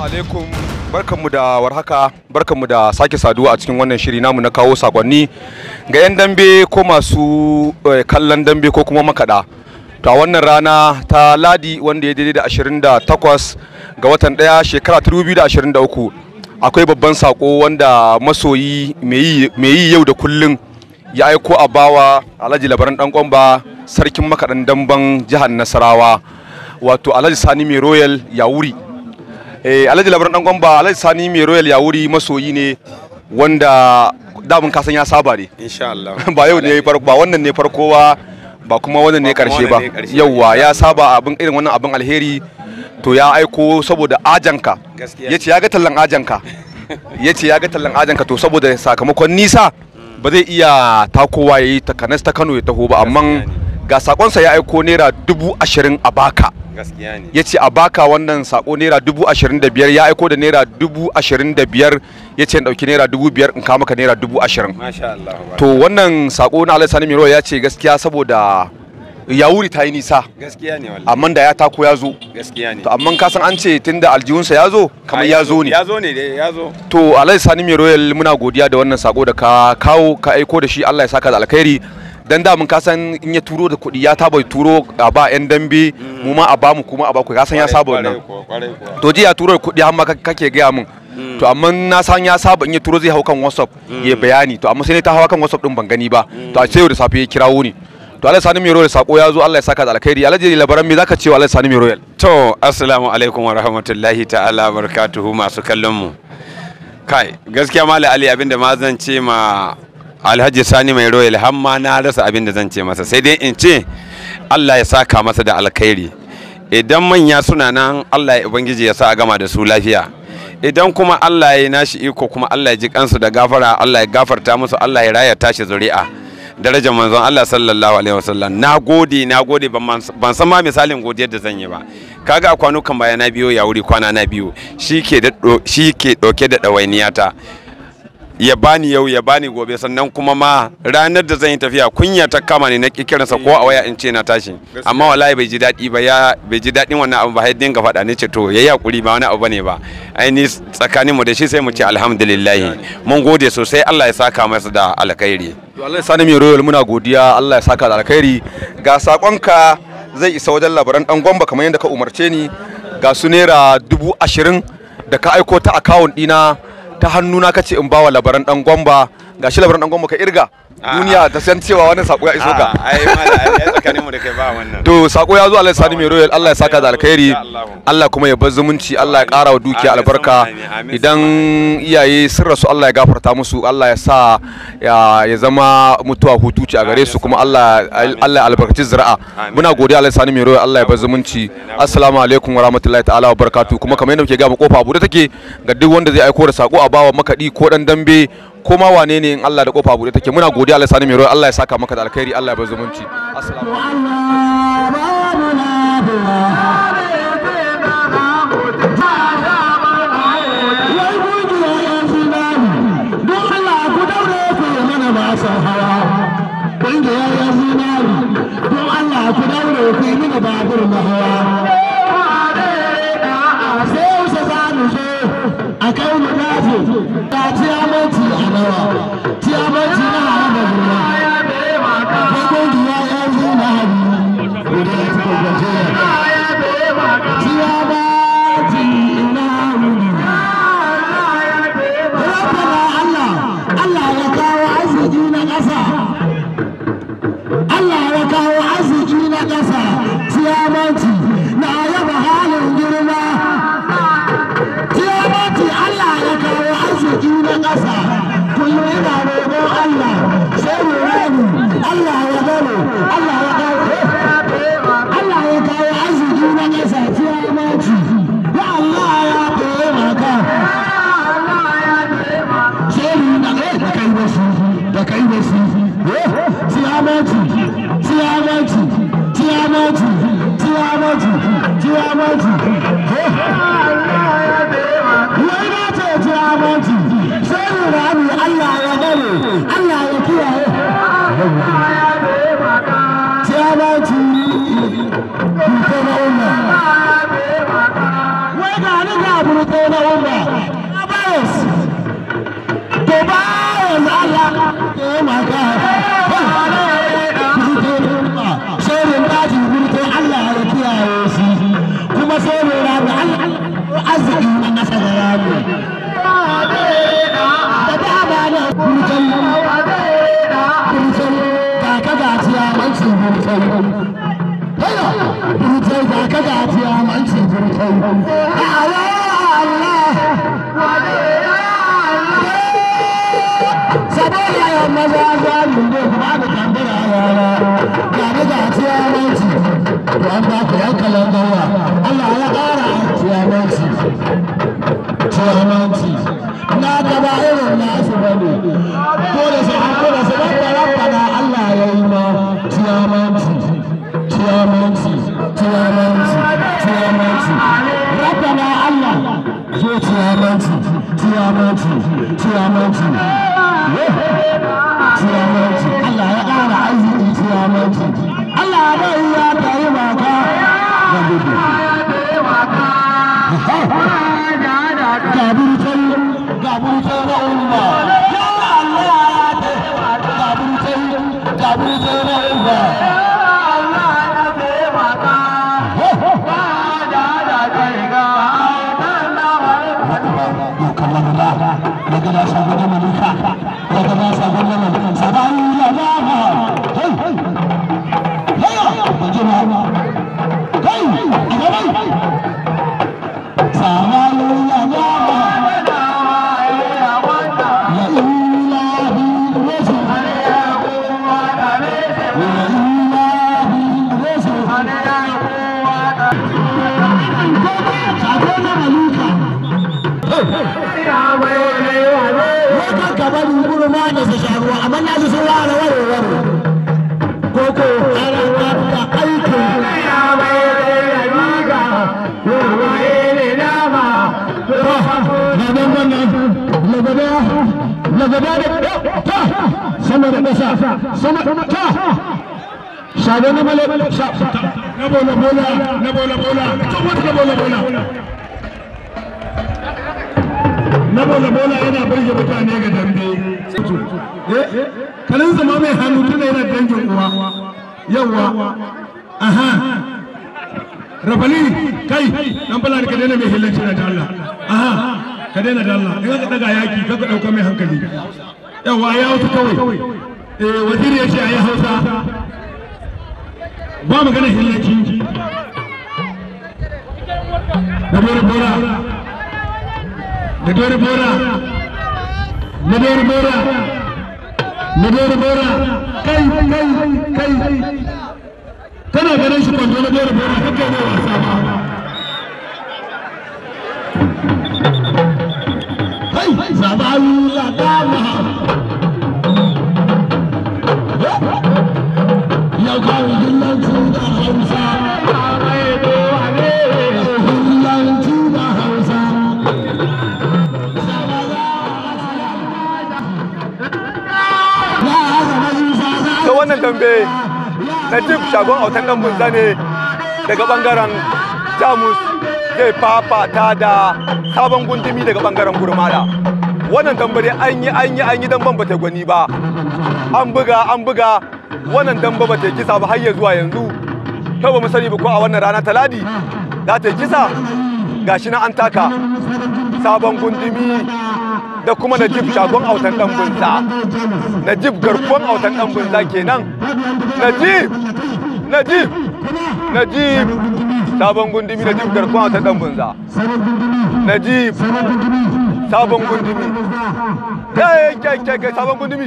alaikum barkanmu da warhaka barkanmu da sake saduwa a cikin wannan shiri namu na kawo sakonni ga 'yan dambe ko masu eh, kallon dambe ko kuma makaɗa. a wannan rana ta ladi wanda ya daidai da 28 ga watan daya shekara 2023 akwai babban sako wanda masoyi mai yi yau da kullun ya aiko a bawa alhaji labaran dan kwamba sarkin makaɗan damban jihar nasarawa wato alhaji sani mai royal yawuri Eh, alhaji labaran dan gwamba alhaji sani mai royal yawuri masoyi ne wanda damun kasan ya saba ne insha Allah ba yau ne farko ba wannan ne farko ba ba kuma wannan ne karshe ba yauwa ya saba abin irin wannan abin alheri to ya aiko saboda ajanka yace ya ga tallan ajanka yace ya ga tallan ajanka to saboda sakamakon nisa ba zai iya takowa yayi takanas ta Kano ya taho ba amma ga sakonsa ya aiko naira dubu ashirin a baka ya ce a baka wannan sako naira dubu ashirin da biyar ya aiko da naira dubu ashirin da biyar ya ce in ɗauki naira dubu biyar in kama ka naira dubu ashirin to wannan sako na alhaji sani miro ya ce gaskiya saboda ya wuri ta yi nisa gaskiya ne wallahi amma da ya tako ya zo gaskiya ne to amma ka san an ce tunda aljihunsa ya zo kamar ya zo ne ya zo ne dai ya zo to alai sani mai royal muna godiya da wannan sako da ka kawo ka aiko da shi Allah ya saka da alkhairi dan da mun kasan in ya turo da kuɗi ya taba turo a ba yan dambe mm. mu ma a ba mu kuma a ba ku kasan ya saba wannan to ji ya turo da kuɗi amma kake gaya mun mm. to amma na san ya saba in ya turo zai hau kan whatsapp mm. ya bayani to amma sai ne ta hawa kan whatsapp din ban gani ba to a sai da safe ya kirawo ni to Allah sani mai royal sako ya zo Allah ya saka da alkhairi alhaji labaran me zaka ce wa Allah sani mai royal to assalamu alaikum wa rahmatullahi ta'ala barakatuhu masu kallon mu kai gaskiya mala ali abinda ma zan ce ma alhaji sani mai royal hamma na rasa abin da zan ce masa sai dai in ce allah ya saka masa da alkhairi idan manya suna nan allah ya ubangiji ya sa a gama da su lafiya idan kuma allah ya nashi iko kuma allah ya ji kansu da gafara allah ya gafarta musu allah ya raya tashi zuri'a darajar manzon Allah sallallahu alaihi wasallam na gode na gode ban san ma misalin godiyar da zan yi ba kaga a kwanukan baya na biyo ya wuri kwana na biyu shi ke dauke da ɗawainiyata ya bani yau ya bani gobe sannan kuma ma ranar da zan yi tafiya kunya ta kama ne na kiransa ko a waya in ce na tashi amma wallahi bai ji daɗi ba ya bai ji daɗin wannan abu ba har dinga faɗa ne ce to yayi hakuri ba wani abu bane ba aini tsakanin mu da shi sai mu ce alhamdulillah mun gode sosai Allah ya saka masa da alkhairi to Allah ya sani mai royal muna godiya Allah ya saka da alkhairi ga sakonka zai isa wajen labaran dan gwamba kamar yadda ka umarce ni ga su naira dubu ashirin da ka aiko ta akawun dina ta hannuna kace in bawa labaran dan gomba gashi labaran dan gomba ka irga Ah, duniya ah. ta san cewa wani sako ya iso ka ah, ai mu da kai ba wannan to sako ya zo Allah sani mai royal Allah ya saka da alkhairi Allah kuma ya bar zumunci Allah ya ƙara wa dukiya albarka idan iyaye sun rasu Allah ya gafarta musu Allah ya sa ya zama mutuwa hutuci a gare su kuma Allah Allah ya albarkaci zira'a muna godiya Allah sani mai royal Allah ya bar zumunci assalamu alaikum wa rahmatullahi ta'ala wa barakatuh kuma kamar yadda muke ga mu kofa bude take ga duk wanda zai aiko da sako a bawa makadi ko dan dambe kuma wane ne in Allah da kofa bude take muna godiya Allah sani mai Allah ya saka maka da alkhairi Allah ya bar zumunci assalamu alaikum jù tí a mọ̀ jù. Wai na ce tí a mọ̀ jù. Sai ni rami Allah ya gane, Allah ya kiyaye. Tí a mọ̀ jù burke na umma. Wai ga ni ga burke na umma. Abayas. Tobias Allah ya maka. kai hello duje ga ka ga ajiya man ce Allah maza ga mun da kuma ciyamanci ciyamanci Allah ya ƙara arziki ciyamanci Allah ya bai ya ta yi maka ga gudu ga burtan ga burtan na umma Lokar ka bari guru ma da su sha ruwa amma na ji sun ware ware ware. Koko ana tafka aikin. Gaban wannan lagada lagada da ta sama da ƙasa sama da ta shago na bale na bola bola na bola bola na bola bola saboda bola yana birge mutane ga dambe eh? kalin zama mai hannu tuna yana dangin uwa yawa aha rabali kai dan bala ka daina mai hillanci na Allah aha ka daina da Allah in ka daga yaki ka dauka mai hankali yawa ya wuce kawai eh waziri ya ce ayi Hausa ba magana hillanci da bora bora Nadori Bora Nadori Bora Nadori Bora kai kai kai kana ganin shi kwando Nadori Bora haka ne wasa wannan dambe na jif shagon autan nan mun ne daga bangaren jamus zai fafata da sabon gundumi daga bangaren gurmada wannan dambare an yi an yi an yi damban ba ta gwani ba an buga an buga wannan damba ba ta kisa ba har ya zuwa yanzu Ta ba mu sani ba ko a wannan rana ta ladi za ta kisa gashi na an taka sabon gundumi da kuma najib shagon autan dan bunza najib garkon autan dan bunza kenan najib najib najib sabon gundumi najib garkon autan dan bunza najib sabon gundumi kai kai kai kai sabon gundumi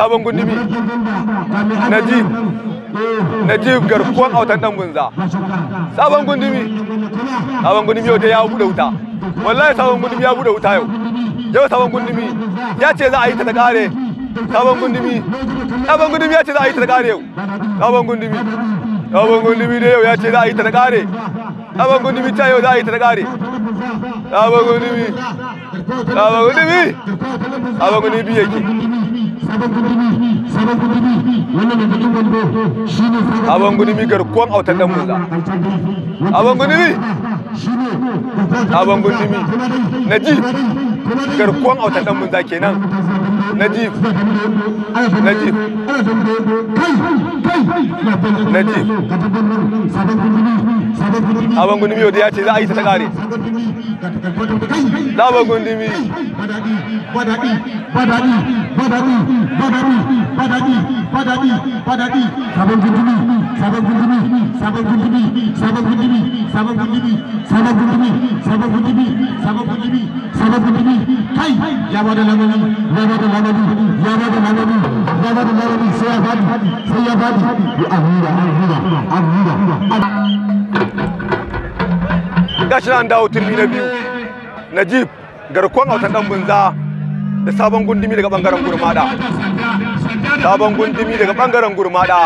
sabon gundumi najib najib garkon autan dan bunza sabon gundumi sabon gundumi yau da ya bude wuta wallahi sabon gundumi ya bude wuta yau yau sabon gundumi ya ce za a yi ta ta kare sabon gundumi sabon gundumi ya ce za a yi ta ta kare yau sabon gundumi sabon gundumi da yau ya ce za a yi ta ta kare sabon gundumi ta yau za a yi ta ta kare sabon gundumi sabon gundumi sabon gundumi yake sabon gudumi garkuwan autar dan musa sabon gudumi sabon gudumi na ji garkuwan autar dan munza kenan najib najib na ji sabon gundumi ya za a yi ta kare sabon gundumi gundumi ya gashi an dawo turmi na biyu najib garkon autan dan bunza da sabon gundumi daga bangaren gurmada sabon gundumi daga bangaren gurmada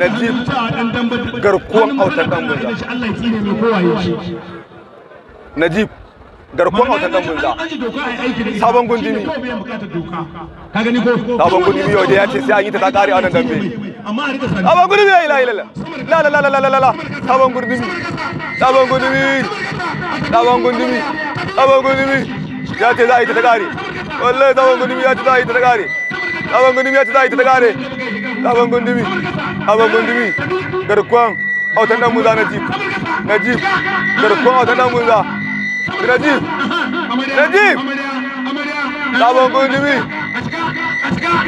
najib garkuwan autan dan bunza najib garkuwan autan dan bunza sabon gundumi sabon gundumi yau da ya ce sai an yi ta tsakari a nan dambe sabon gurbi la ilaha illallah la la la la la la sabon gurbi sabon gurbi sabon gurbi sabon gurbi ya ce za a yi ta kare wallahi sabon gurbi ya ce za a yi ta kare sabon gurbi ya ce za a yi ta kare sabon gurbi sabon gurbi garkon autan dan muza najib najib garkon autan dan muza najib najib sabon gurbi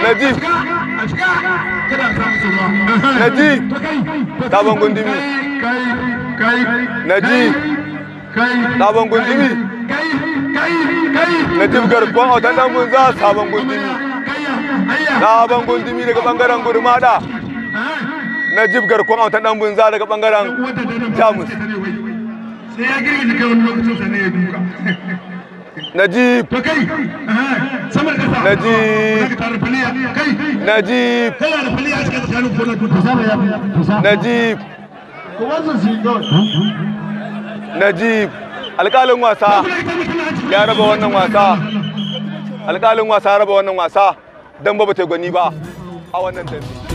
najib naji sabon gundumi sabon gundumi najib garkon oh, autan dan gunza sabon gundumi sabon gundumi daga gurmada najib oh, daga bangaren jamus sai kai wani lokacin sa ne ya duka najib najib najib najib alƙalin wasa ya raba wannan wasa alƙalin wasa raba wannan wasa don ba ta gwani ba a wannan tafi